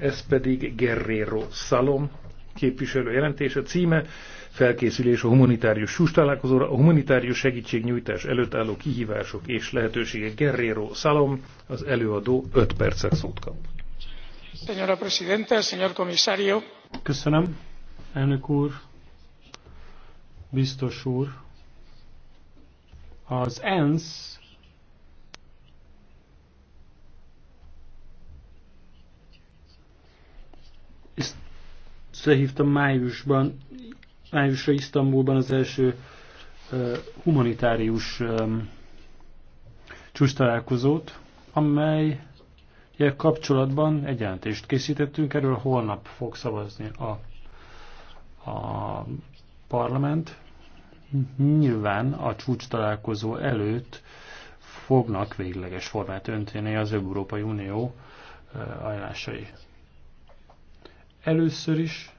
ez pedig Guerrero Szalom képviselő jelentés. A címe felkészülés a humanitárius sus találkozóra, a humanitárius segítségnyújtás előtt álló kihívások és lehetőségek. Guerrero Szalom, az előadó 5 percet szót kap. Señora Presidenta, señor Comisario. Köszönöm, elnök úr, biztos úr. Az ENSZ összehívtam májusban, májusra Isztambulban az első humanitárius csúcs találkozót, amely kapcsolatban egy jelentést készítettünk, erről holnap fog szavazni a, a parlament. Nyilván a csúcs találkozó előtt fognak végleges formát önteni az Európai Unió ajánlásai. Először is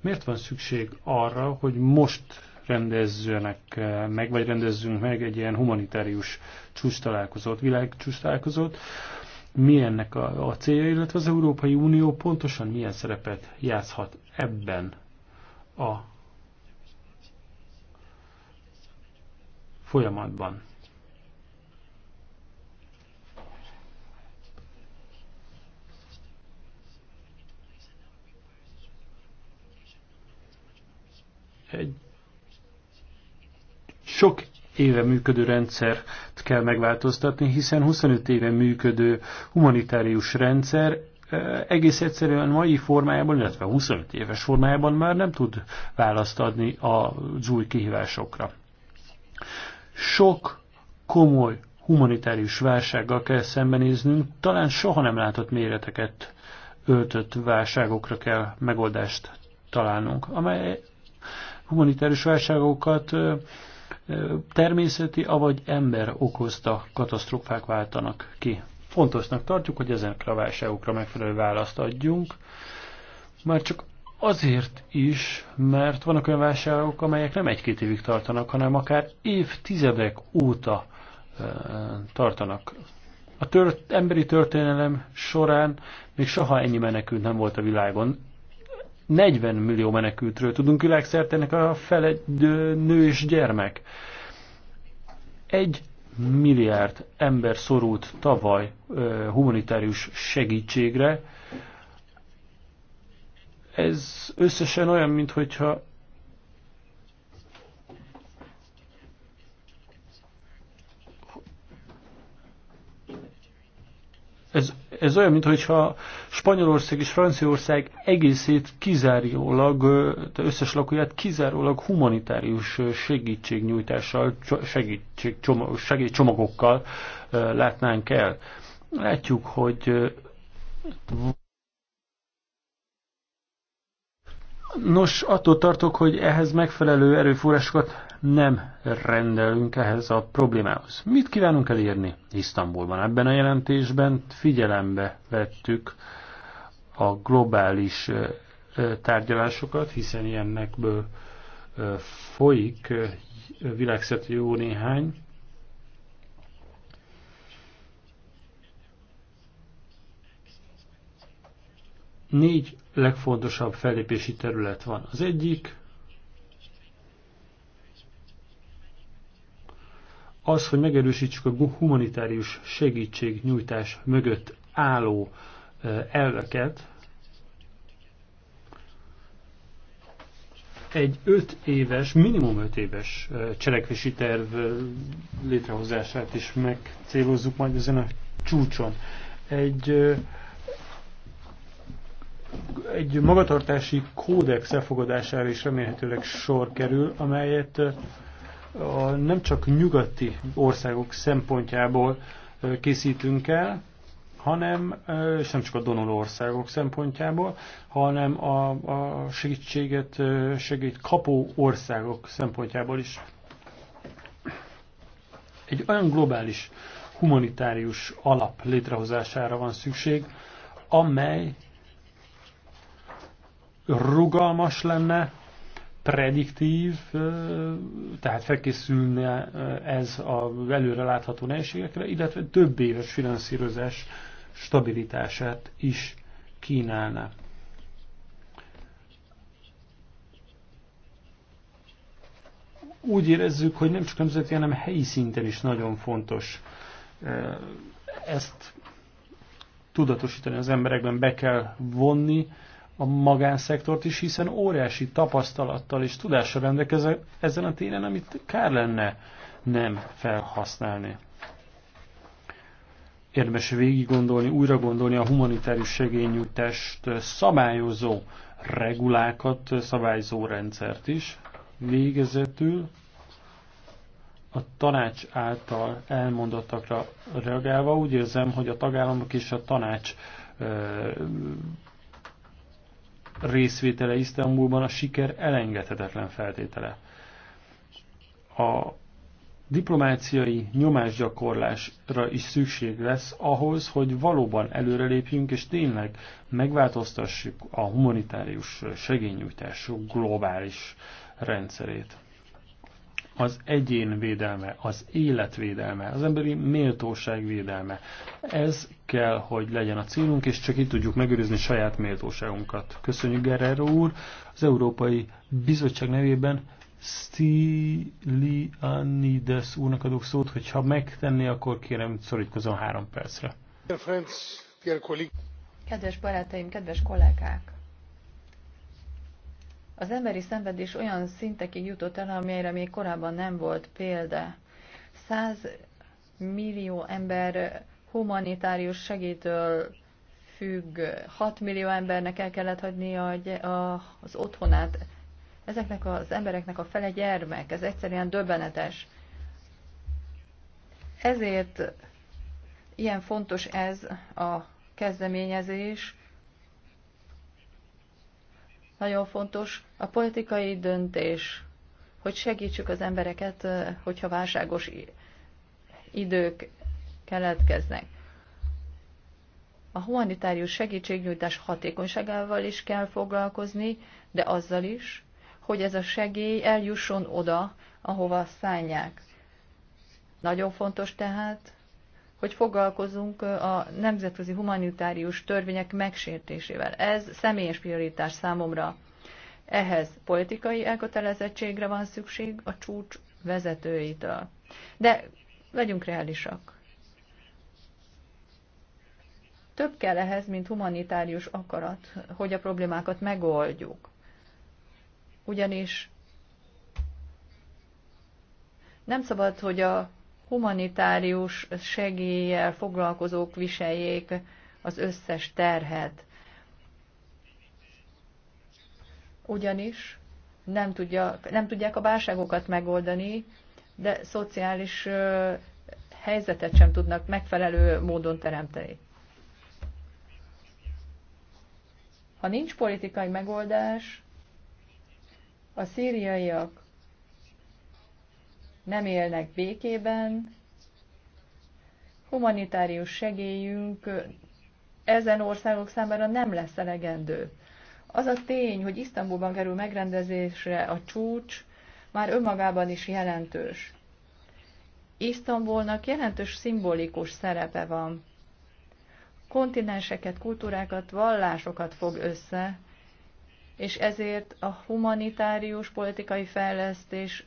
miért van szükség arra, hogy most rendezzenek meg, vagy rendezzünk meg egy ilyen humanitárius csúsztalálkozót, világcsúsztalálkozót, mi ennek a, a célja, illetve az Európai Unió pontosan milyen szerepet játszhat ebben a folyamatban. Egy sok éve működő rendszert kell megváltoztatni, hiszen 25 éve működő humanitárius rendszer eh, egész egyszerűen mai formájában, illetve 25 éves formájában már nem tud választ adni az új kihívásokra. Sok komoly humanitárius válsággal kell szembenéznünk, talán soha nem látott méreteket öltött válságokra kell megoldást találnunk, amely humanitárius válságokat természeti, avagy ember okozta katasztrófák váltanak ki. Fontosnak tartjuk, hogy ezekre a válságokra megfelelő választ adjunk, már csak azért is, mert vannak olyan válságok, amelyek nem egy-két évig tartanak, hanem akár évtizedek óta tartanak. A tört, emberi történelem során még soha ennyi menekült nem volt a világon. 40 millió menekültről tudunk világszerte, ennek a fele nő és gyermek. Egy milliárd ember szorult tavaly humanitárius segítségre. Ez összesen olyan, mintha ez ez olyan, mintha Spanyolország és Franciaország egészét kizárólag, összes lakóját kizárólag humanitárius segítségnyújtással, segítségcsomagokkal látnánk el. Látjuk, hogy Nos, attól tartok, hogy ehhez megfelelő erőforrásokat nem rendelünk ehhez a problémához. Mit kívánunk elérni Isztambulban? Ebben a jelentésben figyelembe vettük a globális tárgyalásokat, hiszen ilyennekből folyik világszerte jó néhány. Négy legfontosabb fellépési terület van. Az egyik az, hogy megerősítsük a humanitárius segítségnyújtás mögött álló elveket, egy 5 éves, minimum 5 éves cselekvési terv létrehozását is megcélozzuk majd ezen a csúcson. Egy, egy magatartási kódex elfogadására is remélhetőleg sor kerül, amelyet a, nem csak nyugati országok szempontjából készítünk el, hanem, és nem csak a donoló országok szempontjából, hanem a, a segítséget, segít kapó országok szempontjából is. Egy olyan globális humanitárius alap létrehozására van szükség, amely rugalmas lenne, prediktív, tehát felkészülne ez a előre látható nehézségekre, illetve több éves finanszírozás stabilitását is kínálna. Úgy érezzük, hogy nem csak nemzeti, hanem helyi szinten is nagyon fontos ezt tudatosítani az emberekben, be kell vonni, a magánszektort is, hiszen óriási tapasztalattal és tudással rendelkezik ezen a téren, amit kár lenne nem felhasználni. Érdemes végig gondolni, újra gondolni a humanitárius segélynyújtást szabályozó regulákat, szabályozó rendszert is. Végezetül a tanács által elmondottakra reagálva úgy érzem, hogy a tagállamok és a tanács részvétele Isztambulban a siker elengedhetetlen feltétele. A diplomáciai nyomásgyakorlásra is szükség lesz ahhoz, hogy valóban előrelépjünk, és tényleg megváltoztassuk a humanitárius segényújtás globális rendszerét. Az egyén védelme, az életvédelme, az emberi méltóság védelme, ez kell, hogy legyen a célunk, és csak így tudjuk megőrizni saját méltóságunkat. Köszönjük Guerrero úr, az Európai Bizottság nevében Stylianides úrnak adok szót, hogyha megtenné, akkor kérem szorítkozom három percre. Kedves barátaim, kedves kollégák! Az emberi szenvedés olyan szintekig jutott el, amelyre még korábban nem volt példa. 100 millió ember humanitárius segítől függ, 6 millió embernek el kellett a, az otthonát. Ezeknek az embereknek a fele gyermek, ez egyszerűen döbbenetes. Ezért ilyen fontos ez a kezdeményezés. Nagyon fontos a politikai döntés, hogy segítsük az embereket, eh, hogyha válságos idők keletkeznek. A humanitárius segítségnyújtás hatékonyságával is kell foglalkozni, de azzal is, hogy ez a segély eljusson oda, ahova szállják. Nagyon fontos tehát, hogy foglalkozunk a nemzetközi humanitárius törvények megsértésével. Ez személyes prioritás számomra. Ehhez politikai elkötelezettségre van szükség a csúcs vezetőitől. De legyünk reálisak. Több kell ehhez, mint humanitárius akarat, hogy a problémákat megoldjuk. Ugyanis nem szabad, hogy a humanitárius segéllyel foglalkozók viseljék az összes terhet. Ugyanis nem, tudja, nem tudják a válságokat megoldani, de szociális helyzetet sem tudnak megfelelő módon teremteni. Ha nincs politikai megoldás, a szíriaiak nem élnek békében, humanitárius segélyünk ezen országok számára nem lesz elegendő. Az a tény, hogy Isztambulban kerül megrendezésre a csúcs, már önmagában is jelentős. Isztambulnak jelentős szimbolikus szerepe van kontinenseket, kultúrákat, vallásokat fog össze, és ezért a humanitárius politikai fejlesztés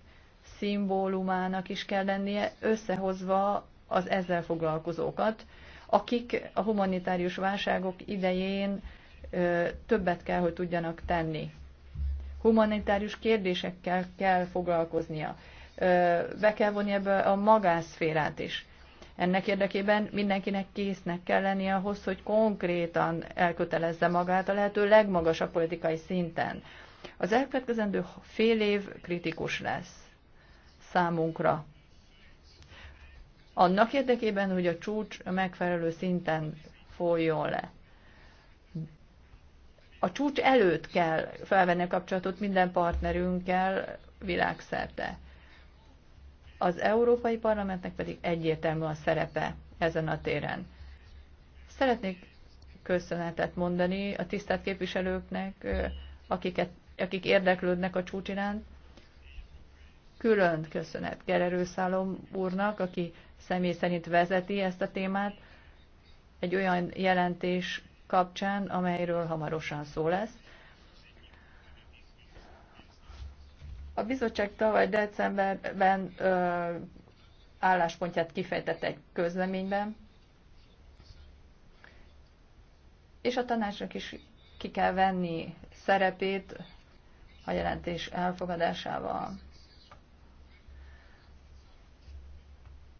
szimbólumának is kell lennie összehozva az ezzel foglalkozókat, akik a humanitárius válságok idején többet kell, hogy tudjanak tenni. Humanitárius kérdésekkel kell foglalkoznia. Be kell vonni ebbe a magánszférát is. Ennek érdekében mindenkinek késznek kell lennie ahhoz, hogy konkrétan elkötelezze magát a lehető legmagasabb politikai szinten. Az elkövetkezendő fél év kritikus lesz számunkra. Annak érdekében, hogy a csúcs megfelelő szinten folyjon le. A csúcs előtt kell felvenni a kapcsolatot minden partnerünkkel világszerte az Európai Parlamentnek pedig egyértelmű a szerepe ezen a téren. Szeretnék köszönetet mondani a tisztelt képviselőknek, akiket, akik érdeklődnek a csúcs iránt. Külön köszönet Szálom úrnak, aki személy szerint vezeti ezt a témát, egy olyan jelentés kapcsán, amelyről hamarosan szó lesz. A bizottság tavaly decemberben ö, álláspontját kifejtett egy közleményben, és a tanácsnak is ki kell venni szerepét a jelentés elfogadásával.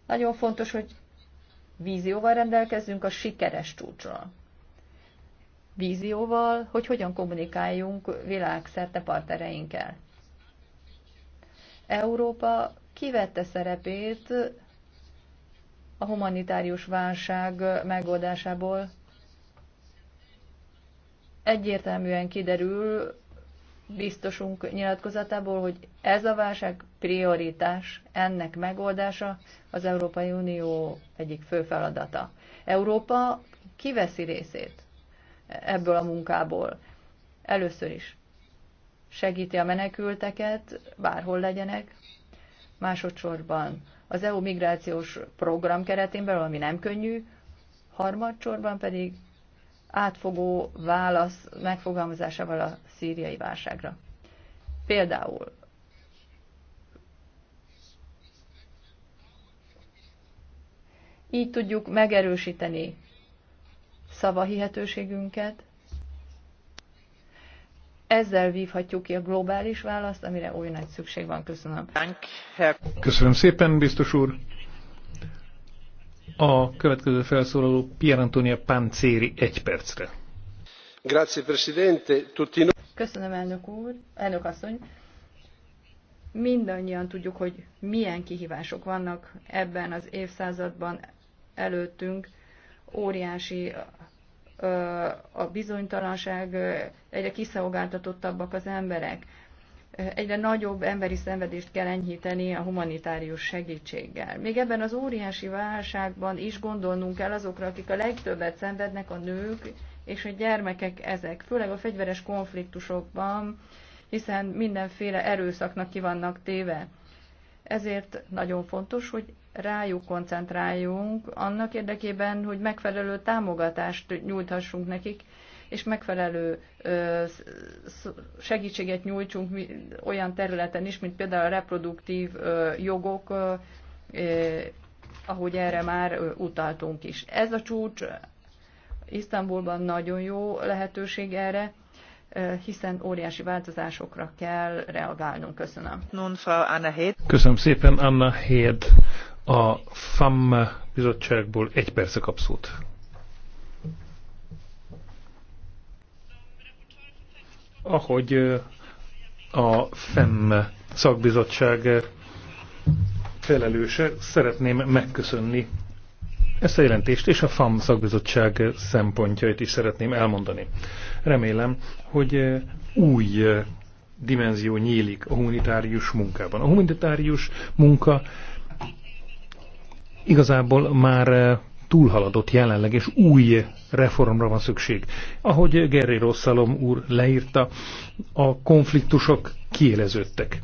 Nagyon fontos, hogy vízióval rendelkezzünk a sikeres csúcsra. Vízióval, hogy hogyan kommunikáljunk világszerte partnereinkkel. Európa kivette szerepét a humanitárius válság megoldásából. Egyértelműen kiderül biztosunk nyilatkozatából, hogy ez a válság prioritás, ennek megoldása az Európai Unió egyik fő feladata. Európa kiveszi részét ebből a munkából. Először is segíti a menekülteket, bárhol legyenek. Másodszorban az EU migrációs program keretén belül, ami nem könnyű, harmadsorban pedig átfogó válasz megfogalmazásával a szíriai válságra. Például így tudjuk megerősíteni szavahihetőségünket, ezzel vívhatjuk ki a globális választ, amire oly nagy szükség van. Köszönöm. Köszönöm szépen, biztos úr. A következő felszólaló Pier Antonia Pancéri egy percre. Grazie, Presidente. Tutti... Köszönöm, elnök úr, elnök asszony. Mindannyian tudjuk, hogy milyen kihívások vannak ebben az évszázadban előttünk. Óriási a bizonytalanság, egyre kiszolgáltatottabbak az emberek. Egyre nagyobb emberi szenvedést kell enyhíteni a humanitárius segítséggel. Még ebben az óriási válságban is gondolnunk kell azokra, akik a legtöbbet szenvednek, a nők és a gyermekek ezek, főleg a fegyveres konfliktusokban, hiszen mindenféle erőszaknak ki vannak téve. Ezért nagyon fontos, hogy rájuk koncentráljunk, annak érdekében, hogy megfelelő támogatást nyújthassunk nekik, és megfelelő segítséget nyújtsunk olyan területen is, mint például a reproduktív jogok, ahogy erre már utaltunk is. Ez a csúcs Isztambulban nagyon jó lehetőség erre, hiszen óriási változásokra kell reagálnunk. Köszönöm. Köszönöm szépen, Anna Hed a FAM bizottságból egy perce kap Ahogy a FEM szakbizottság felelőse, szeretném megköszönni ezt a jelentést és a FAM szakbizottság szempontjait is szeretném elmondani. Remélem, hogy új dimenzió nyílik a humanitárius munkában. A humanitárius munka igazából már eh, túlhaladott jelenleg, és új reformra van szükség. Ahogy Gerry Rosszalom úr leírta, a konfliktusok kiéleződtek.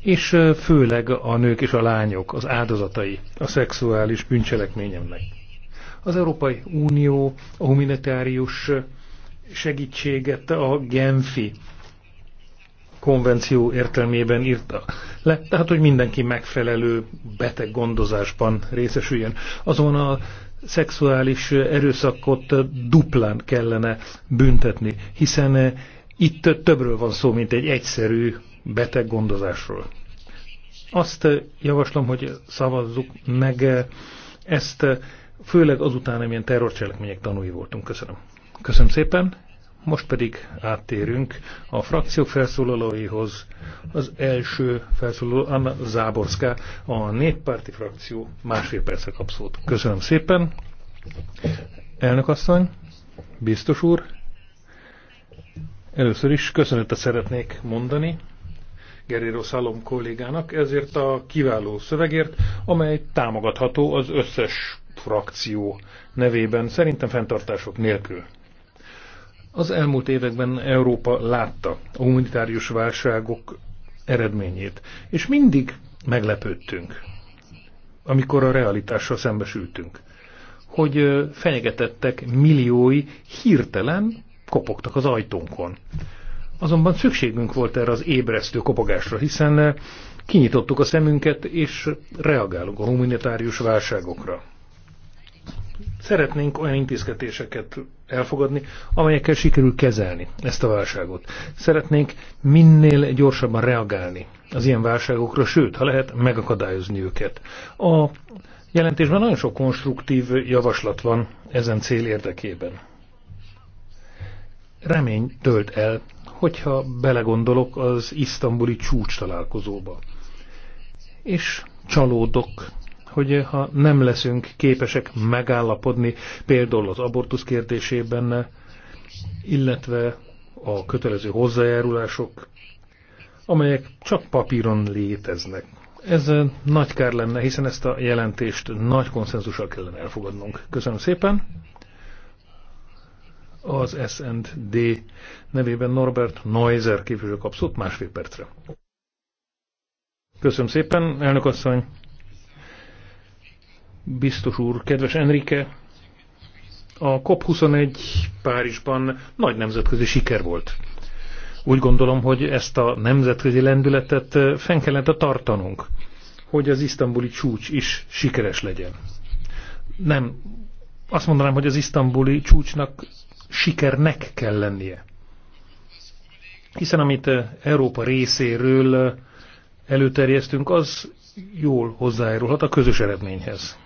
És eh, főleg a nők és a lányok az áldozatai a szexuális bűncselekményemnek. Az Európai Unió a humanitárius eh, segítséget a Genfi konvenció értelmében írta le, tehát hogy mindenki megfelelő beteg gondozásban részesüljön. Azon a szexuális erőszakot duplán kellene büntetni, hiszen itt többről van szó, mint egy egyszerű beteg gondozásról. Azt javaslom, hogy szavazzuk meg ezt, főleg azután, amilyen terrorcselekmények tanúi voltunk. Köszönöm. Köszönöm szépen. Most pedig áttérünk a frakció felszólalóihoz. Az első felszólaló Anna Záborská, a néppárti frakció másfél perce kap szót. Köszönöm szépen. Elnök asszony, biztos úr, először is köszönetet szeretnék mondani Geréro Szalom kollégának ezért a kiváló szövegért, amely támogatható az összes frakció nevében, szerintem fenntartások nélkül. Az elmúlt években Európa látta a humanitárius válságok eredményét, és mindig meglepődtünk, amikor a realitással szembesültünk, hogy fenyegetettek milliói hirtelen kopogtak az ajtónkon. Azonban szükségünk volt erre az ébresztő kopogásra, hiszen kinyitottuk a szemünket, és reagálunk a humanitárius válságokra. Szeretnénk olyan intézkedéseket elfogadni, amelyekkel sikerül kezelni ezt a válságot. Szeretnénk minél gyorsabban reagálni az ilyen válságokra, sőt, ha lehet, megakadályozni őket. A jelentésben nagyon sok konstruktív javaslat van ezen cél érdekében. Remény tölt el, hogyha belegondolok az isztambuli csúcs találkozóba. És csalódok hogy ha nem leszünk képesek megállapodni például az abortusz kérdésében, illetve a kötelező hozzájárulások, amelyek csak papíron léteznek. Ez nagy kár lenne, hiszen ezt a jelentést nagy konszenzussal kellene elfogadnunk. Köszönöm szépen. Az SND nevében Norbert Neuser képviselő kapszott másfél percre. Köszönöm szépen, elnök asszony biztos úr, kedves Enrique, a COP21 Párizsban nagy nemzetközi siker volt. Úgy gondolom, hogy ezt a nemzetközi lendületet eh, fenn a tartanunk, hogy az isztambuli csúcs is sikeres legyen. Nem, azt mondanám, hogy az isztambuli csúcsnak sikernek kell lennie. Hiszen amit eh, Európa részéről eh, előterjesztünk, az jól hozzájárulhat a közös eredményhez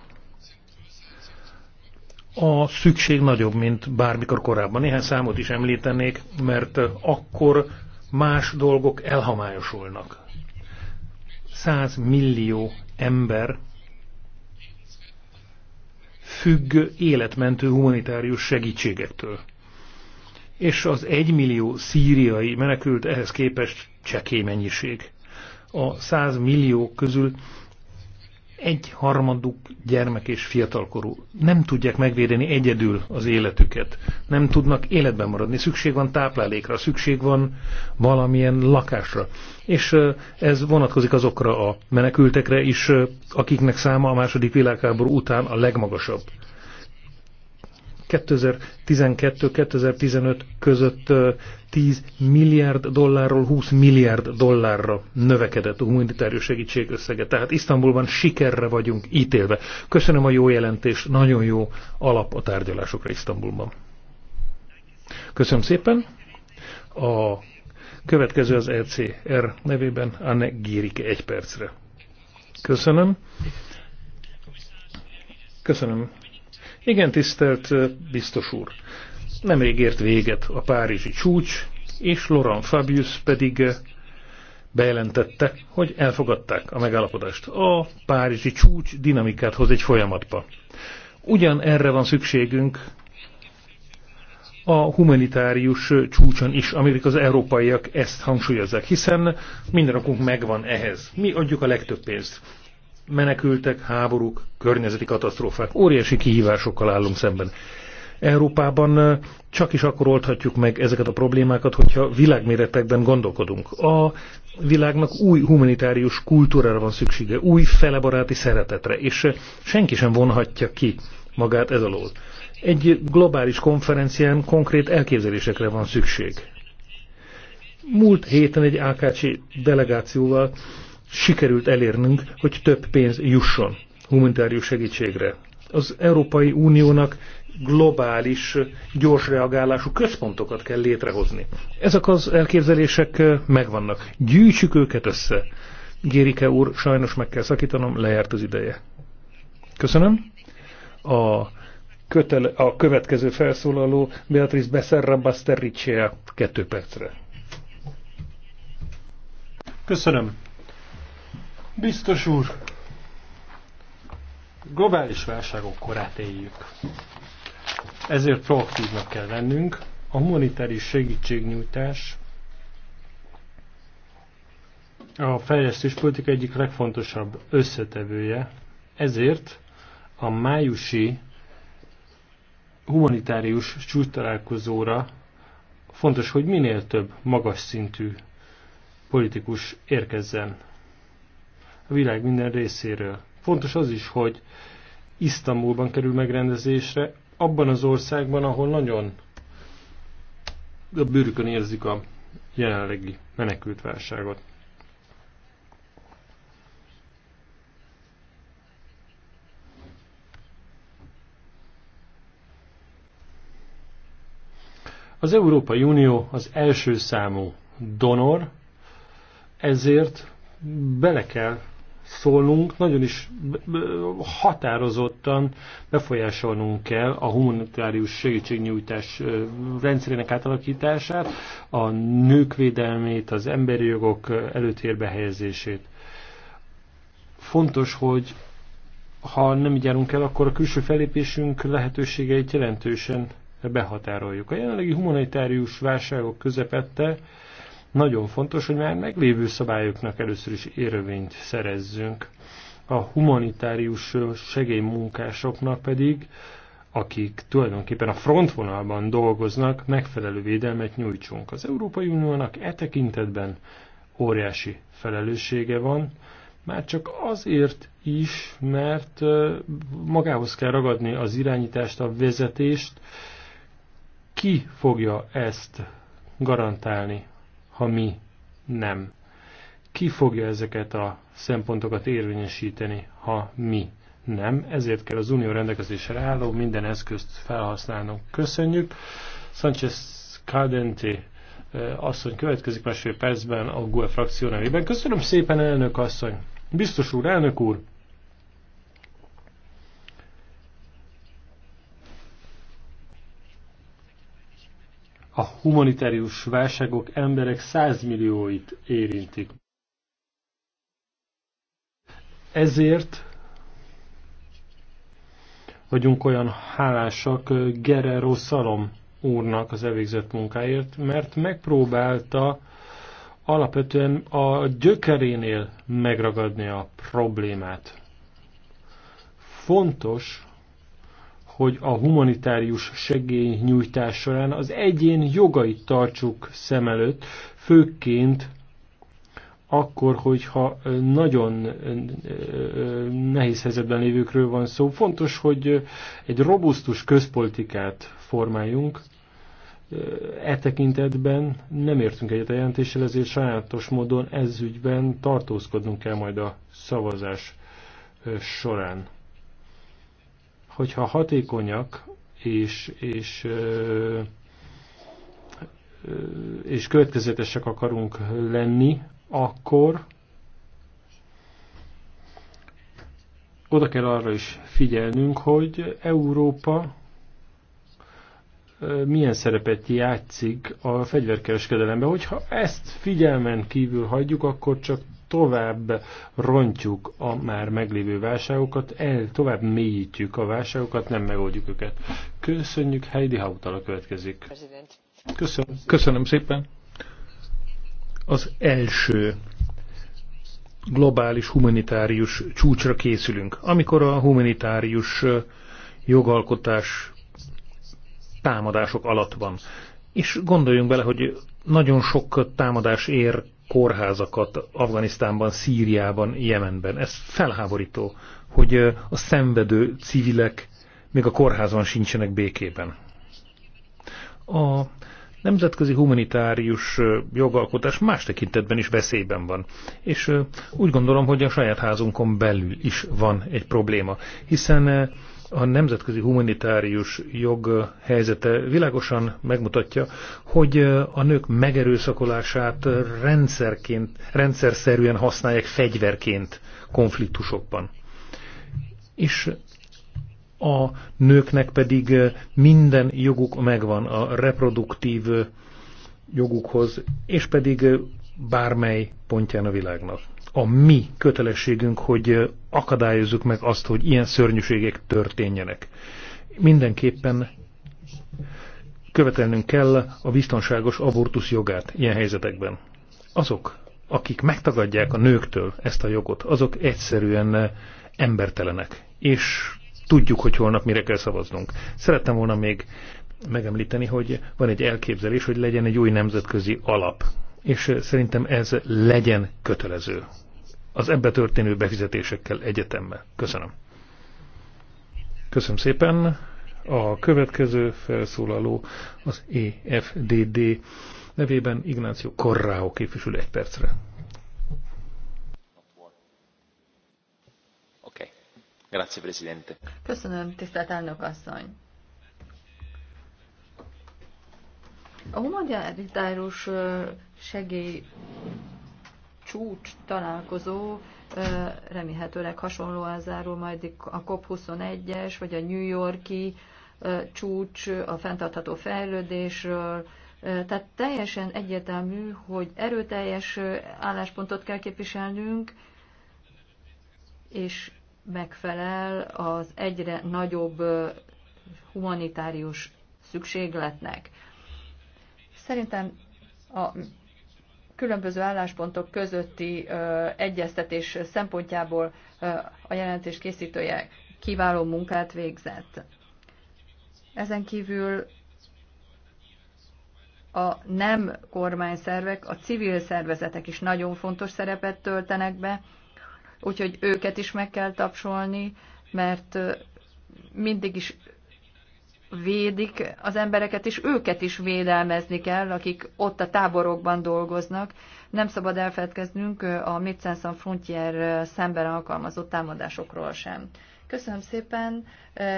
a szükség nagyobb, mint bármikor korábban. Néhány számot is említenék, mert eh, akkor más dolgok elhamályosulnak. 100 millió ember függ életmentő humanitárius segítségektől. És az egymillió millió szíriai menekült ehhez képest csekély mennyiség. A 100 millió közül egy harmaduk gyermek és fiatalkorú. Nem tudják megvédeni egyedül az életüket. Nem tudnak életben maradni. Szükség van táplálékra, szükség van valamilyen lakásra. És ez vonatkozik azokra a menekültekre is, akiknek száma a második világháború után a legmagasabb. 2012-2015 között 10 milliárd dollárról 20 milliárd dollárra növekedett a humanitárius segítség összege. Tehát Isztambulban sikerre vagyunk ítélve. Köszönöm a jó jelentést, nagyon jó alap a tárgyalásokra Isztambulban. Köszönöm szépen. A következő az ECR nevében Anne Gírike egy percre. Köszönöm. Köszönöm, igen, tisztelt biztos úr. Nemrég ért véget a párizsi csúcs, és Laurent Fabius pedig bejelentette, hogy elfogadták a megállapodást. A párizsi csúcs dinamikát hoz egy folyamatba. Ugyan erre van szükségünk a humanitárius csúcson is, amelyik az európaiak ezt hangsúlyozzák, hiszen minden okunk megvan ehhez. Mi adjuk a legtöbb pénzt menekültek, háborúk, környezeti katasztrófák. Óriási kihívásokkal állunk szemben. Európában csak is akkor oldhatjuk meg ezeket a problémákat, hogyha világméretekben gondolkodunk. A világnak új humanitárius kultúrára van szüksége, új felebaráti szeretetre, és senki sem vonhatja ki magát ez alól. Egy globális konferencián konkrét elképzelésekre van szükség. Múlt héten egy AKC delegációval sikerült elérnünk, hogy több pénz jusson humanitárius segítségre. Az Európai Uniónak globális, gyors reagálású központokat kell létrehozni. Ezek az elképzelések megvannak. Gyűjtsük őket össze. Gérike úr, sajnos meg kell szakítanom, lejárt az ideje. Köszönöm. A, kötele, a következő felszólaló Beatrice Becerra Basterricea kettő percre. Köszönöm. Biztos úr, globális válságok korát éljük. Ezért proaktívnak kell lennünk. A humanitárius segítségnyújtás a fejlesztés politika egyik legfontosabb összetevője. Ezért a májusi humanitárius találkozóra fontos, hogy minél több magas szintű politikus érkezzen a világ minden részéről. Fontos az is, hogy Isztambulban kerül megrendezésre, abban az országban, ahol nagyon a bőrükön érzik a jelenlegi menekültválságot. Az Európai Unió az első számú donor, ezért bele kell szólnunk, nagyon is határozottan befolyásolnunk kell a humanitárius segítségnyújtás rendszerének átalakítását, a nők védelmét, az emberi jogok előtérbe helyezését. Fontos, hogy ha nem így járunk el, akkor a külső felépésünk lehetőségeit jelentősen behatároljuk. A jelenlegi humanitárius válságok közepette nagyon fontos, hogy már meglévő szabályoknak először is érvényt szerezzünk. A humanitárius segélymunkásoknak pedig, akik tulajdonképpen a frontvonalban dolgoznak, megfelelő védelmet nyújtsunk. Az Európai Uniónak e tekintetben óriási felelőssége van, már csak azért is, mert magához kell ragadni az irányítást, a vezetést. Ki fogja ezt garantálni? ha mi nem? Ki fogja ezeket a szempontokat érvényesíteni, ha mi nem? Ezért kell az unió rendelkezésre álló minden eszközt felhasználnunk. Köszönjük. Sanchez Cardente asszony következik másfél percben a GUE frakció nevében. Köszönöm szépen, elnök asszony! Biztos úr, elnök úr! a humanitárius válságok emberek százmillióit érintik. Ezért vagyunk olyan hálásak Guerrero Szalom úrnak az elvégzett munkáért, mert megpróbálta alapvetően a gyökerénél megragadni a problémát. Fontos, hogy a humanitárius segélynyújtás során az egyén jogait tartsuk szem előtt, főként akkor, hogyha nagyon nehéz helyzetben lévőkről van szó. Fontos, hogy egy robusztus közpolitikát formáljunk, E tekintetben nem értünk egyet a jelentéssel, ezért sajátos módon ez tartózkodnunk kell majd a szavazás során hogyha hatékonyak és, és, és következetesek akarunk lenni, akkor oda kell arra is figyelnünk, hogy Európa milyen szerepet játszik a fegyverkereskedelemben. Hogyha ezt figyelmen kívül hagyjuk, akkor csak tovább rontjuk a már meglévő válságokat, el, tovább mélyítjük a válságokat, nem megoldjuk őket. Köszönjük, Heidi a következik. Köszönöm. Köszönöm szépen. Az első globális humanitárius csúcsra készülünk. Amikor a humanitárius jogalkotás támadások alatt van. És gondoljunk bele, hogy nagyon sok támadás ér kórházakat Afganisztánban, Szíriában, Jemenben. Ez felháborító, hogy a szenvedő civilek még a kórházban sincsenek békében. A nemzetközi humanitárius jogalkotás más tekintetben is veszélyben van. És úgy gondolom, hogy a saját házunkon belül is van egy probléma, hiszen a nemzetközi humanitárius jog helyzete világosan megmutatja, hogy a nők megerőszakolását rendszerként, rendszerszerűen használják fegyverként konfliktusokban. És a nőknek pedig minden joguk megvan a reproduktív jogukhoz, és pedig bármely pontján a világnak a mi kötelességünk, hogy akadályozzuk meg azt, hogy ilyen szörnyűségek történjenek. Mindenképpen követelnünk kell a biztonságos abortusz jogát ilyen helyzetekben. Azok, akik megtagadják a nőktől ezt a jogot, azok egyszerűen embertelenek. És tudjuk, hogy holnap mire kell szavaznunk. Szerettem volna még megemlíteni, hogy van egy elképzelés, hogy legyen egy új nemzetközi alap. És szerintem ez legyen kötelező az ebbe történő befizetésekkel egyetemben. Köszönöm. Köszönöm szépen. A következő felszólaló az EFDD nevében Ignáció Korráó képvisül egy percre. Grazie, Presidente. Köszönöm, tisztelt elnök asszony. A humanitárius segély csúcs találkozó remélhetőleg hasonlóan zárul majd a COP21-es, vagy a New Yorki csúcs a fenntartható fejlődésről. Tehát teljesen egyértelmű, hogy erőteljes álláspontot kell képviselnünk, és megfelel az egyre nagyobb humanitárius szükségletnek. Szerintem a különböző álláspontok közötti egyeztetés szempontjából a jelentés készítője kiváló munkát végzett. Ezen kívül a nem kormányszervek, a civil szervezetek is nagyon fontos szerepet töltenek be, úgyhogy őket is meg kell tapsolni, mert mindig is védik az embereket, és őket is védelmezni kell, akik ott a táborokban dolgoznak. Nem szabad elfelejtkeznünk a Médecins Frontier szemben alkalmazott támadásokról sem. Köszönöm szépen,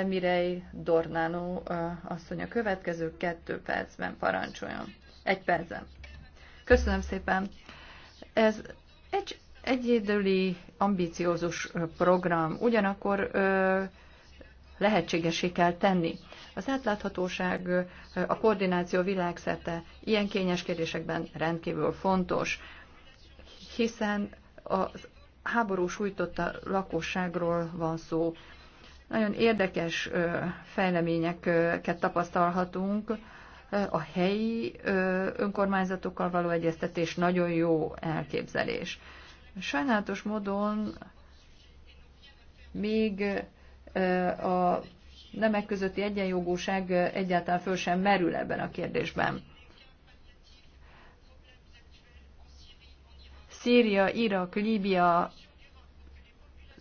Mirei Dornánó eh, asszony a következő kettő percben parancsoljon. Egy percben. Köszönöm szépen. Ez egy egyedüli ambíciózus program, ugyanakkor eh, lehetségesé kell tenni. Az átláthatóság, a koordináció világszerte ilyen kényes kérdésekben rendkívül fontos, hiszen a háború sújtotta lakosságról van szó. Nagyon érdekes fejleményeket tapasztalhatunk. A helyi önkormányzatokkal való egyeztetés nagyon jó elképzelés. Sajnálatos módon még a nemek közötti egyenjogúság egyáltalán föl sem merül ebben a kérdésben. Szíria, Irak, Líbia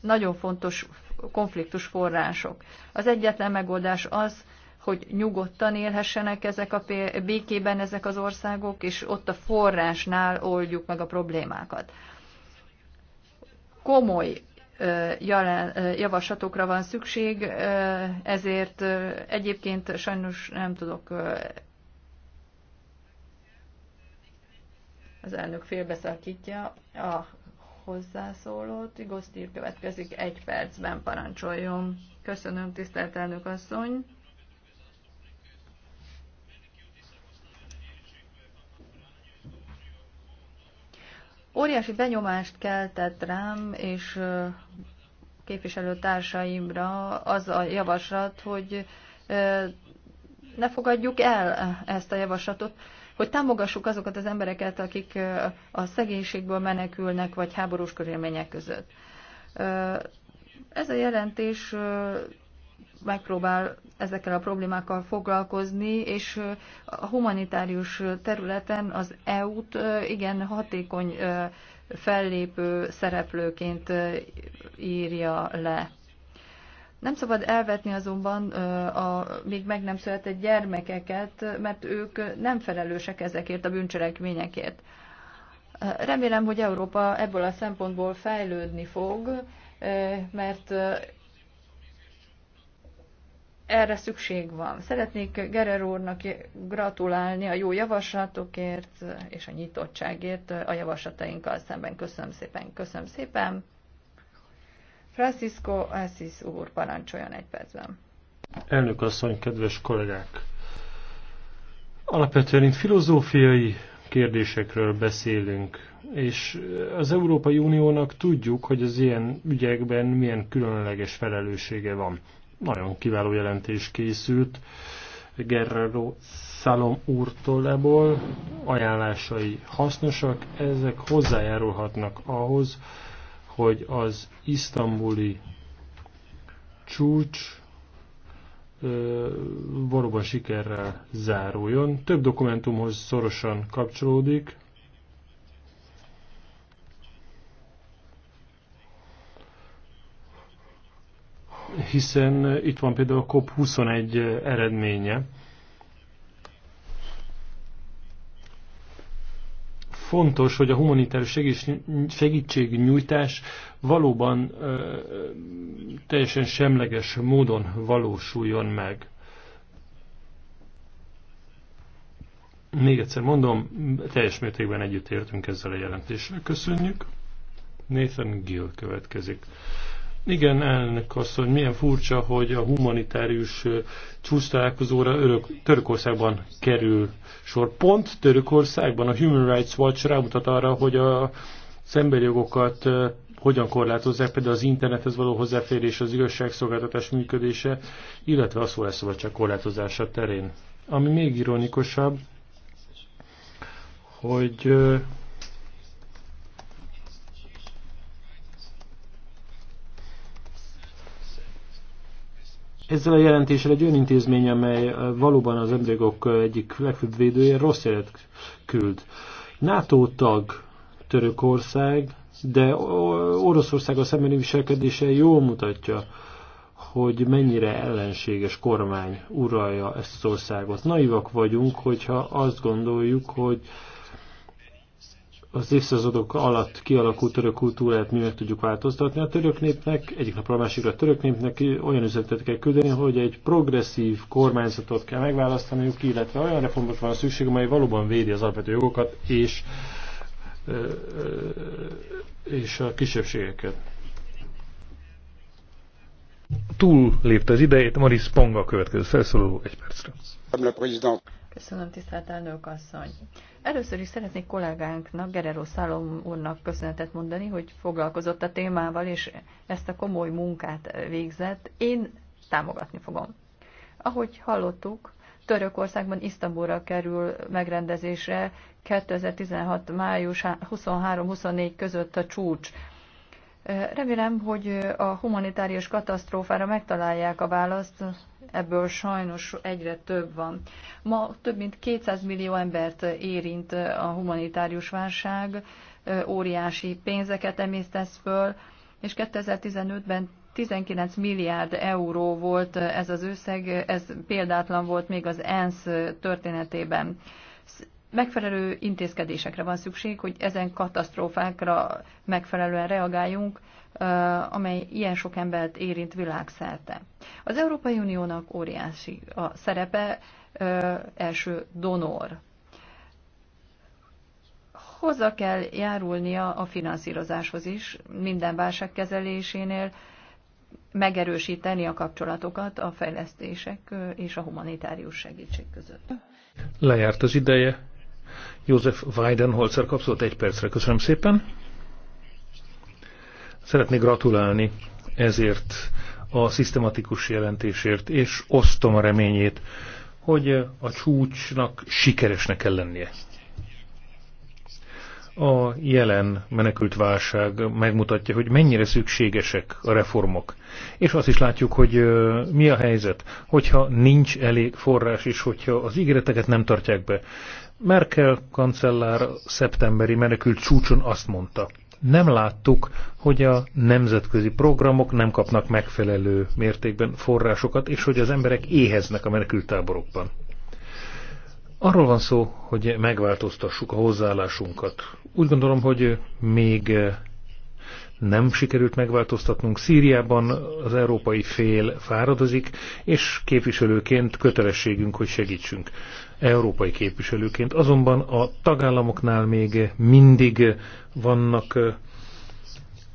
nagyon fontos konfliktus források. Az egyetlen megoldás az, hogy nyugodtan élhessenek ezek a békében ezek az országok, és ott a forrásnál oldjuk meg a problémákat. Komoly javaslatokra van szükség, ezért egyébként sajnos nem tudok az elnök félbeszakítja a hozzászólót. Igosztír következik egy percben, parancsoljon. Köszönöm, tisztelt elnök asszony. Óriási benyomást keltett rám, és képviselőtársaimra az a javaslat, hogy ne fogadjuk el ezt a javaslatot, hogy támogassuk azokat az embereket, akik a szegénységből menekülnek, vagy háborús körülmények között. Ez a jelentés megpróbál ezekkel a problémákkal foglalkozni, és a humanitárius területen az EU-t igen hatékony fellépő szereplőként írja le. Nem szabad elvetni azonban a még meg nem született gyermekeket, mert ők nem felelősek ezekért a bűncselekményekért. Remélem, hogy Európa ebből a szempontból fejlődni fog, mert erre szükség van. Szeretnék Gerer úrnak gratulálni a jó javaslatokért és a nyitottságért a javaslatainkkal szemben. Köszönöm szépen, köszönöm szépen. Francisco Assis úr, parancsoljon egy percben. Elnök asszony, kedves kollégák! Alapvetően itt filozófiai kérdésekről beszélünk, és az Európai Uniónak tudjuk, hogy az ilyen ügyekben milyen különleges felelőssége van. Nagyon kiváló jelentés készült Gerardo Szalom úrtól ajánlásai hasznosak, ezek hozzájárulhatnak ahhoz, hogy az isztambuli csúcs valóban sikerrel záruljon. Több dokumentumhoz szorosan kapcsolódik, hiszen itt van például a COP21 eredménye. Fontos, hogy a humanitárius segítségnyújtás valóban teljesen semleges módon valósuljon meg. Még egyszer mondom, teljes mértékben együtt értünk ezzel a jelentéssel. Köszönjük. Nathan Gill következik. Igen, elnök asszony, milyen furcsa, hogy a humanitárius csúsztalálkozóra örök, Törökországban kerül sor. Pont Törökországban a Human Rights Watch rámutat arra, hogy a emberjogokat hogyan korlátozzák, például az internethez való hozzáférés, az igazságszolgáltatás működése, illetve a szólásszabadság korlátozása terén. Ami még ironikusabb, hogy ezzel a jelentéssel egy olyan intézmény, amely eh, valóban az emberek eh, egyik legfőbb védője, rossz jelet küld. NATO tag Törökország, de Oroszország a szembeni viselkedése jól mutatja, hogy mennyire ellenséges kormány uralja ezt az országot. Naivak vagyunk, hogyha azt gondoljuk, hogy az évszázadok alatt kialakult török kultúrát mi meg tudjuk változtatni. A török népnek, egyik napra a másikra a török népnek olyan üzenetet kell küldeni, hogy egy progresszív kormányzatot kell megválasztaniuk, illetve olyan reformot van szükség, amely valóban védi az alapvető jogokat és, és a kisebbségeket. Túl lépte az idejét, Maris Ponga következő felszóló egy percre. Köszönöm, tisztelt elnök asszony. Először is szeretnék kollégánknak, Gereró Szálom úrnak köszönetet mondani, hogy foglalkozott a témával, és ezt a komoly munkát végzett. Én támogatni fogom. Ahogy hallottuk, Törökországban Isztambulra kerül megrendezésre 2016. május 23-24 között a csúcs. Remélem, hogy a humanitárius katasztrófára megtalálják a választ ebből sajnos egyre több van. Ma több mint 200 millió embert érint a humanitárius válság, óriási pénzeket emésztesz föl, és 2015-ben 19 milliárd euró volt ez az összeg, ez példátlan volt még az ENSZ történetében. Megfelelő intézkedésekre van szükség, hogy ezen katasztrófákra megfelelően reagáljunk, amely ilyen sok embert érint világszerte. Az Európai Uniónak óriási a szerepe, első donor. Hozzá kell járulnia a finanszírozáshoz is, minden válság kezelésénél megerősíteni a kapcsolatokat a fejlesztések és a humanitárius segítség között. Lejárt az ideje. József Weidenholzer kapszolt egy percre. Köszönöm szépen. Szeretnék gratulálni ezért a szisztematikus jelentésért, és osztom a reményét, hogy a csúcsnak sikeresnek kell lennie. A jelen menekült válság megmutatja, hogy mennyire szükségesek a reformok. És azt is látjuk, hogy mi a helyzet, hogyha nincs elég forrás, és hogyha az ígéreteket nem tartják be. Merkel kancellár szeptemberi menekült csúcson azt mondta, nem láttuk, hogy a nemzetközi programok nem kapnak megfelelő mértékben forrásokat, és hogy az emberek éheznek a menekültáborokban. Arról van szó, hogy megváltoztassuk a hozzáállásunkat. Úgy gondolom, hogy még eh, nem sikerült megváltoztatnunk. Szíriában az európai fél fáradozik, és képviselőként kötelességünk, hogy segítsünk európai képviselőként. Azonban a tagállamoknál még mindig vannak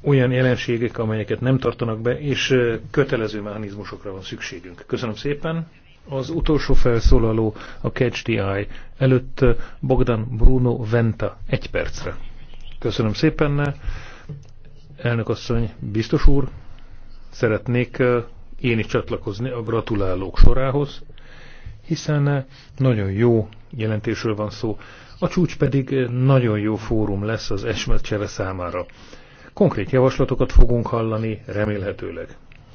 olyan jelenségek, amelyeket nem tartanak be, és kötelező mechanizmusokra van szükségünk. Köszönöm szépen! Az utolsó felszólaló a Catch the Eye előtt Bogdan Bruno Venta egy percre. Köszönöm szépen, elnök asszony, biztos úr, szeretnék én is csatlakozni a gratulálók sorához hiszen eh, nagyon jó jelentésről van szó. A csúcs pedig eh, nagyon jó fórum lesz az esmercsere számára. Konkrét javaslatokat fogunk hallani, remélhetőleg.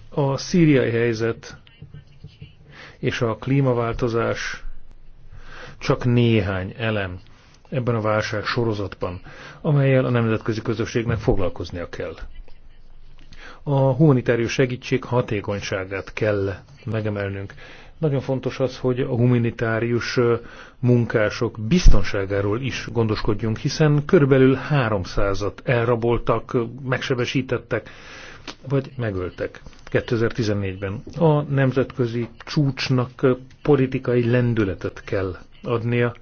A szíriai helyzet és a klímaváltozás csak néhány elem ebben a válság sorozatban, amelyel a nemzetközi közösségnek foglalkoznia kell. A humanitárius segítség hatékonyságát kell megemelnünk, nagyon fontos az, hogy a humanitárius munkások biztonságáról is gondoskodjunk, hiszen körülbelül 300-at elraboltak, megsebesítettek, vagy megöltek 2014-ben. A nemzetközi csúcsnak politikai lendületet kell adnia,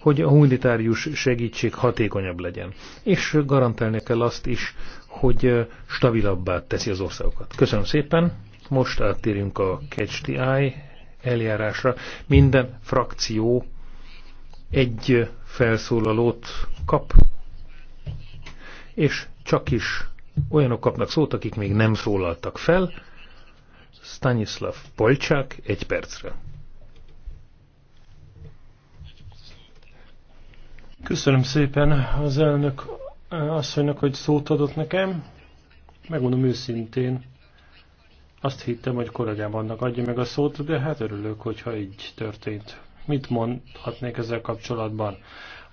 hogy a humanitárius segítség hatékonyabb legyen. És garantálni kell azt is, hogy stabilabbá teszi az országokat. Köszönöm szépen! Most áttérünk a Catch the Eye eljárásra. Minden frakció egy felszólalót kap, és csak is olyanok kapnak szót, akik még nem szólaltak fel. Stanislav Polcsák egy percre. Köszönöm szépen az elnök asszonynak, hogy szót adott nekem. Megmondom őszintén, azt hittem, hogy korábban annak adja meg a szót, de hát örülök, hogyha így történt. Mit mondhatnék ezzel kapcsolatban?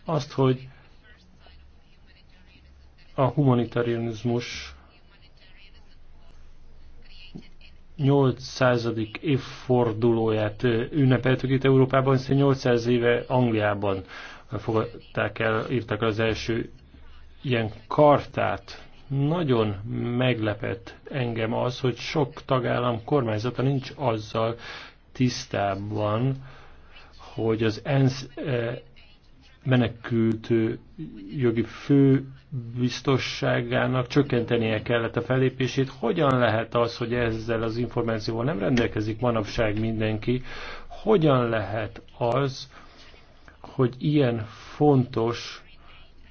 Azt, hogy a humanitarianizmus 800. évfordulóját ünnepeltük itt Európában, hiszen 800 éve Angliában fogadták el, írtak el az első ilyen kartát, nagyon meglepett engem az, hogy sok tagállam kormányzata nincs azzal tisztában, hogy az ENSZ eh, menekült eh, jogi főbiztosságának csökkentenie kellett a felépését. Hogyan lehet az, hogy ezzel az információval nem rendelkezik manapság mindenki? Hogyan lehet az, hogy ilyen fontos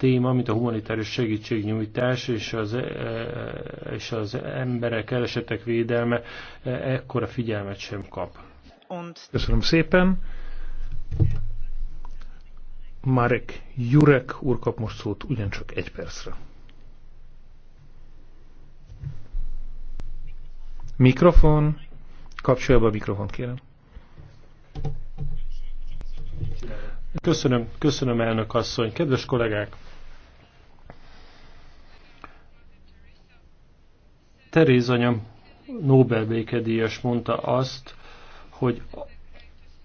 téma, mint a humanitárius segítségnyújtás és az, e, e, és az emberek elesetek védelme e, ekkora figyelmet sem kap. Köszönöm szépen. Marek Jurek úr kap most szót ugyancsak egy percre. Mikrofon. Kapcsolja be a mikrofont, kérem. Köszönöm, köszönöm elnök asszony. Kedves kollégák! Teréz anya Nobel békedíjas mondta azt, hogy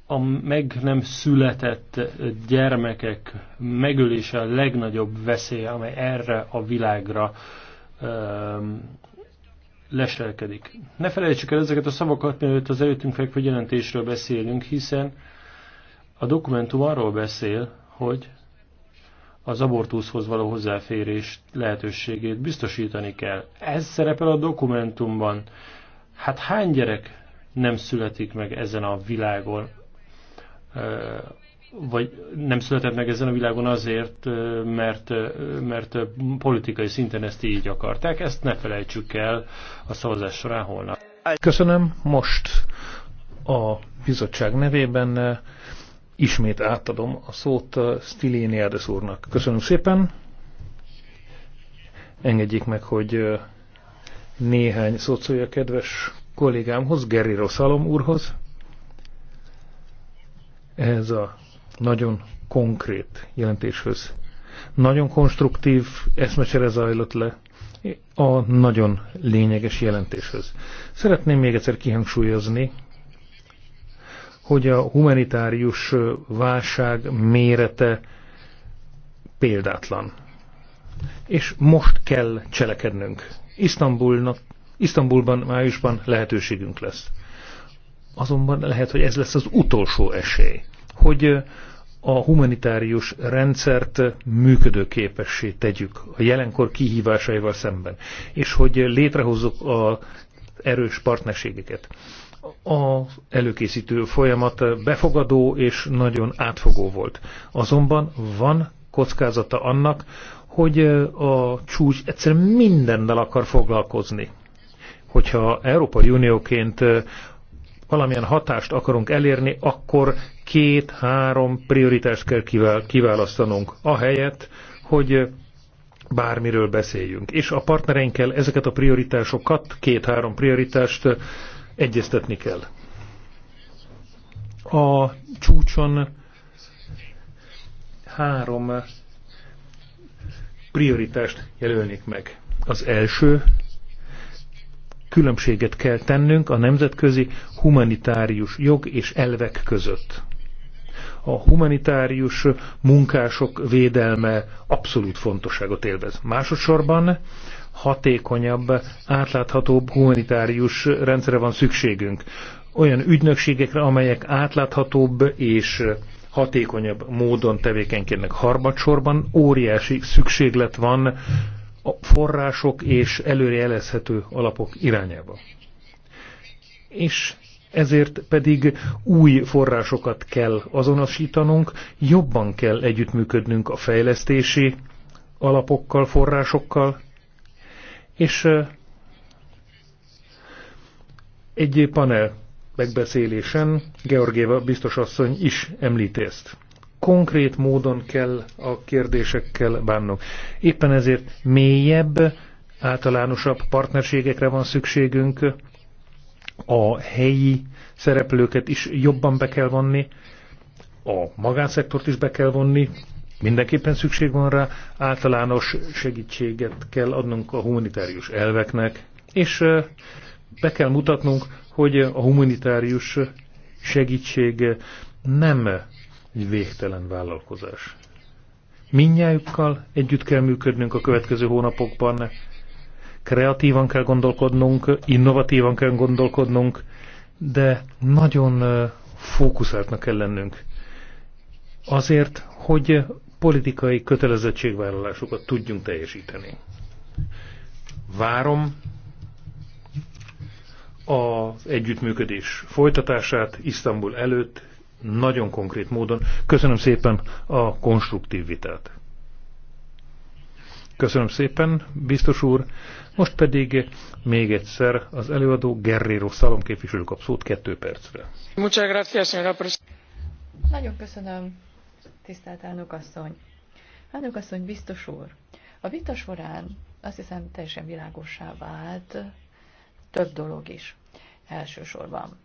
a meg nem született gyermekek megölése a legnagyobb veszély, amely erre a világra um, leselkedik. Ne felejtsük el ezeket a szavakat, mielőtt az előttünk fekvő jelentésről beszélünk, hiszen a dokumentum arról beszél, hogy az abortuszhoz való hozzáférés lehetőségét biztosítani kell. Ez szerepel a dokumentumban. Hát hány gyerek nem születik meg ezen a világon, vagy nem született meg ezen a világon azért, mert, mert politikai szinten ezt így akarták. Ezt ne felejtsük el a szavazás során holnap. Köszönöm. Most a bizottság nevében Ismét átadom a szót uh, Stilini Erdes úrnak. Köszönöm szépen. Engedjék meg, hogy uh, néhány szót szólja kedves kollégámhoz, Geri Rosszalom úrhoz. Ehhez a nagyon konkrét jelentéshöz. Nagyon konstruktív eszmecsere zajlott le a nagyon lényeges jelentéshöz. Szeretném még egyszer kihangsúlyozni, hogy a humanitárius válság mérete példátlan. És most kell cselekednünk. Isztambulnak, Isztambulban májusban lehetőségünk lesz. Azonban lehet, hogy ez lesz az utolsó esély, hogy a humanitárius rendszert működőképessé tegyük a jelenkor kihívásaival szemben, és hogy létrehozzuk a erős partnerségeket az előkészítő folyamat befogadó és nagyon átfogó volt. Azonban van kockázata annak, hogy a csúcs egyszerűen mindennel akar foglalkozni. Hogyha Európai Unióként valamilyen hatást akarunk elérni, akkor két-három prioritást kell kiválasztanunk. helyet, hogy bármiről beszéljünk. És a partnereinkkel ezeket a prioritásokat, két-három prioritást egyeztetni kell. A csúcson három prioritást jelölnék meg. Az első, különbséget kell tennünk a nemzetközi humanitárius jog és elvek között. A humanitárius munkások védelme abszolút fontosságot élvez. Másodszorban hatékonyabb, átláthatóbb humanitárius rendszerre van szükségünk. Olyan ügynökségekre, amelyek átláthatóbb és hatékonyabb módon tevékenykednek. Harmadsorban óriási szükséglet van a források és előrejelezhető alapok irányába. És ezért pedig új forrásokat kell azonosítanunk, jobban kell együttműködnünk a fejlesztési alapokkal, forrásokkal, és egy panel megbeszélésen Georgieva biztos asszony is említi ezt. Konkrét módon kell a kérdésekkel bánnunk. Éppen ezért mélyebb, általánosabb partnerségekre van szükségünk, a helyi szereplőket is jobban be kell vonni, a magánszektort is be kell vonni, mindenképpen szükség van rá, általános segítséget kell adnunk a humanitárius elveknek, és be kell mutatnunk, hogy a humanitárius segítség nem egy végtelen vállalkozás. Mindnyájukkal együtt kell működnünk a következő hónapokban, kreatívan kell gondolkodnunk, innovatívan kell gondolkodnunk, de nagyon fókuszáltnak kell lennünk. Azért, hogy politikai kötelezettségvállalásokat tudjunk teljesíteni. Várom az együttműködés folytatását Isztambul előtt nagyon konkrét módon. Köszönöm szépen a konstruktív vitát. Köszönöm szépen, biztos úr. Most pedig még egyszer az előadó Gerrero Szalom képviselő kap szót kettő percre. Nagyon köszönöm, tisztelt elnök asszony! Elnök asszony, biztos úr, a vita során azt hiszem teljesen világosá vált több dolog is elsősorban.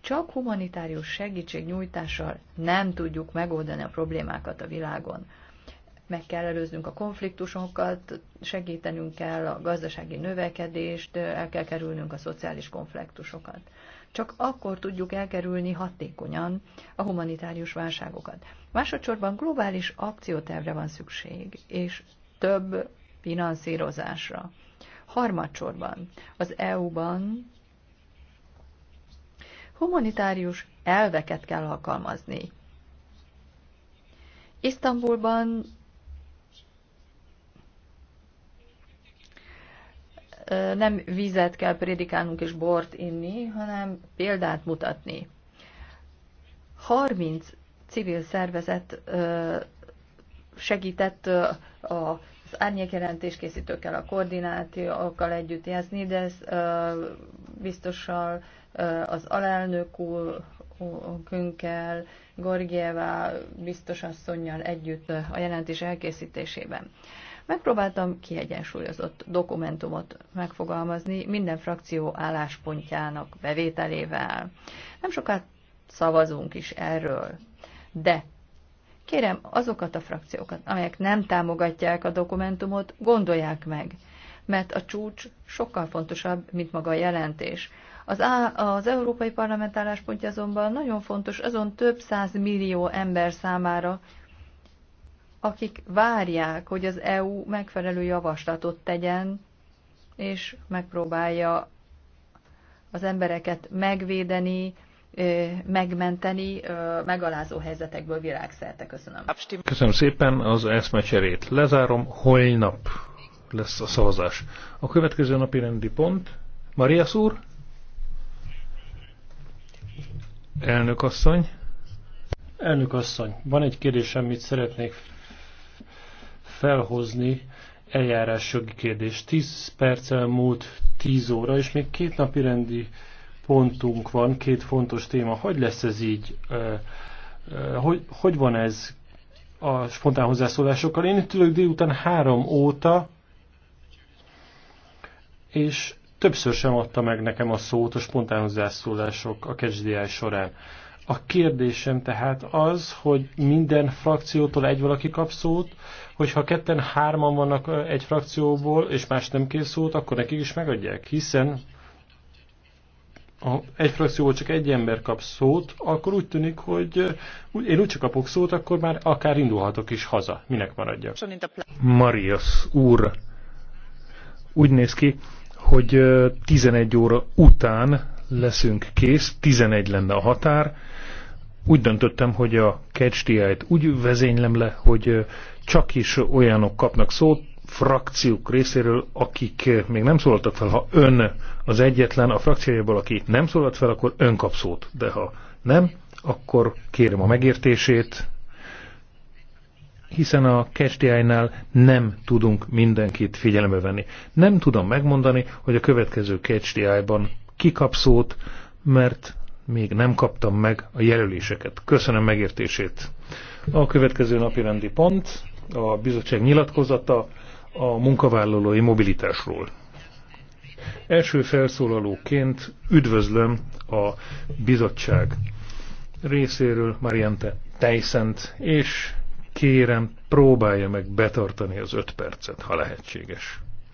Csak humanitárius segítség nyújtással nem tudjuk megoldani a problémákat a világon. Meg kell előznünk a konfliktusokat, segítenünk kell a gazdasági növekedést, el kell kerülnünk a szociális konfliktusokat. Csak akkor tudjuk elkerülni hatékonyan a humanitárius válságokat. Másodszorban globális akciótervre van szükség, és több finanszírozásra. Harmadsorban az EU-ban humanitárius elveket kell alkalmazni. Isztambulban nem vizet kell prédikálnunk és bort inni, hanem példát mutatni. 30 civil szervezet segített a az árnyékjelentés készítőkkel, a koordinációkkal együtt jelzni, de ez biztosan az alelnök úrkünkkel, Gorgieva biztosan asszonynal együtt a jelentés elkészítésében. Megpróbáltam kiegyensúlyozott dokumentumot megfogalmazni minden frakció álláspontjának bevételével. Nem sokat szavazunk is erről. De kérem azokat a frakciókat, amelyek nem támogatják a dokumentumot, gondolják meg, mert a csúcs sokkal fontosabb, mint maga a jelentés. Az, á, az Európai Parlament álláspontja azonban nagyon fontos azon több száz millió ember számára, akik várják, hogy az EU megfelelő javaslatot tegyen, és megpróbálja az embereket megvédeni, megmenteni megalázó helyzetekből világszerte. Köszönöm. Köszönöm szépen az eszmecserét. Lezárom, holnap lesz a szavazás. A következő napi rendi pont. Maria úr? Elnök asszony? Elnök asszony, van egy kérdésem, amit szeretnék felhozni eljárásjogi kérdést. 10 perccel múlt 10 óra, és még két napi rendi pontunk van, két fontos téma. Hogy lesz ez így? Hogy, hogy van ez a spontán hozzászólásokkal? Én itt ülök délután három óta, és többször sem adta meg nekem a szót a spontán hozzászólások a kezdiáj során. A kérdésem tehát az, hogy minden frakciótól egy valaki kap szót, hogyha ketten hárman vannak egy frakcióból, és más nem kér szót, akkor nekik is megadják, hiszen ha egy frakcióból csak egy ember kap szót, akkor úgy tűnik, hogy én úgy csak kapok szót, akkor már akár indulhatok is haza. Minek maradjak? Marias úr, úgy néz ki, hogy 11 óra után leszünk kész, 11 lenne a határ, úgy döntöttem, hogy a KCTI-t úgy vezénylem le, hogy csak is olyanok kapnak szót, frakciók részéről, akik még nem szólaltak fel, ha ön az egyetlen a frakciójából, aki nem szólalt fel, akkor ön kap szót. De ha nem, akkor kérem a megértését, hiszen a ksdi nál nem tudunk mindenkit figyelembe venni. Nem tudom megmondani, hogy a következő ksdi ban kap szót, mert még nem kaptam meg a jelöléseket. Köszönöm megértését. A következő napi rendi pont a bizottság nyilatkozata a munkavállalói mobilitásról. Első felszólalóként üdvözlöm a bizottság részéről Mariente Tejszent, és kérem, próbálja meg betartani az öt percet, ha lehetséges.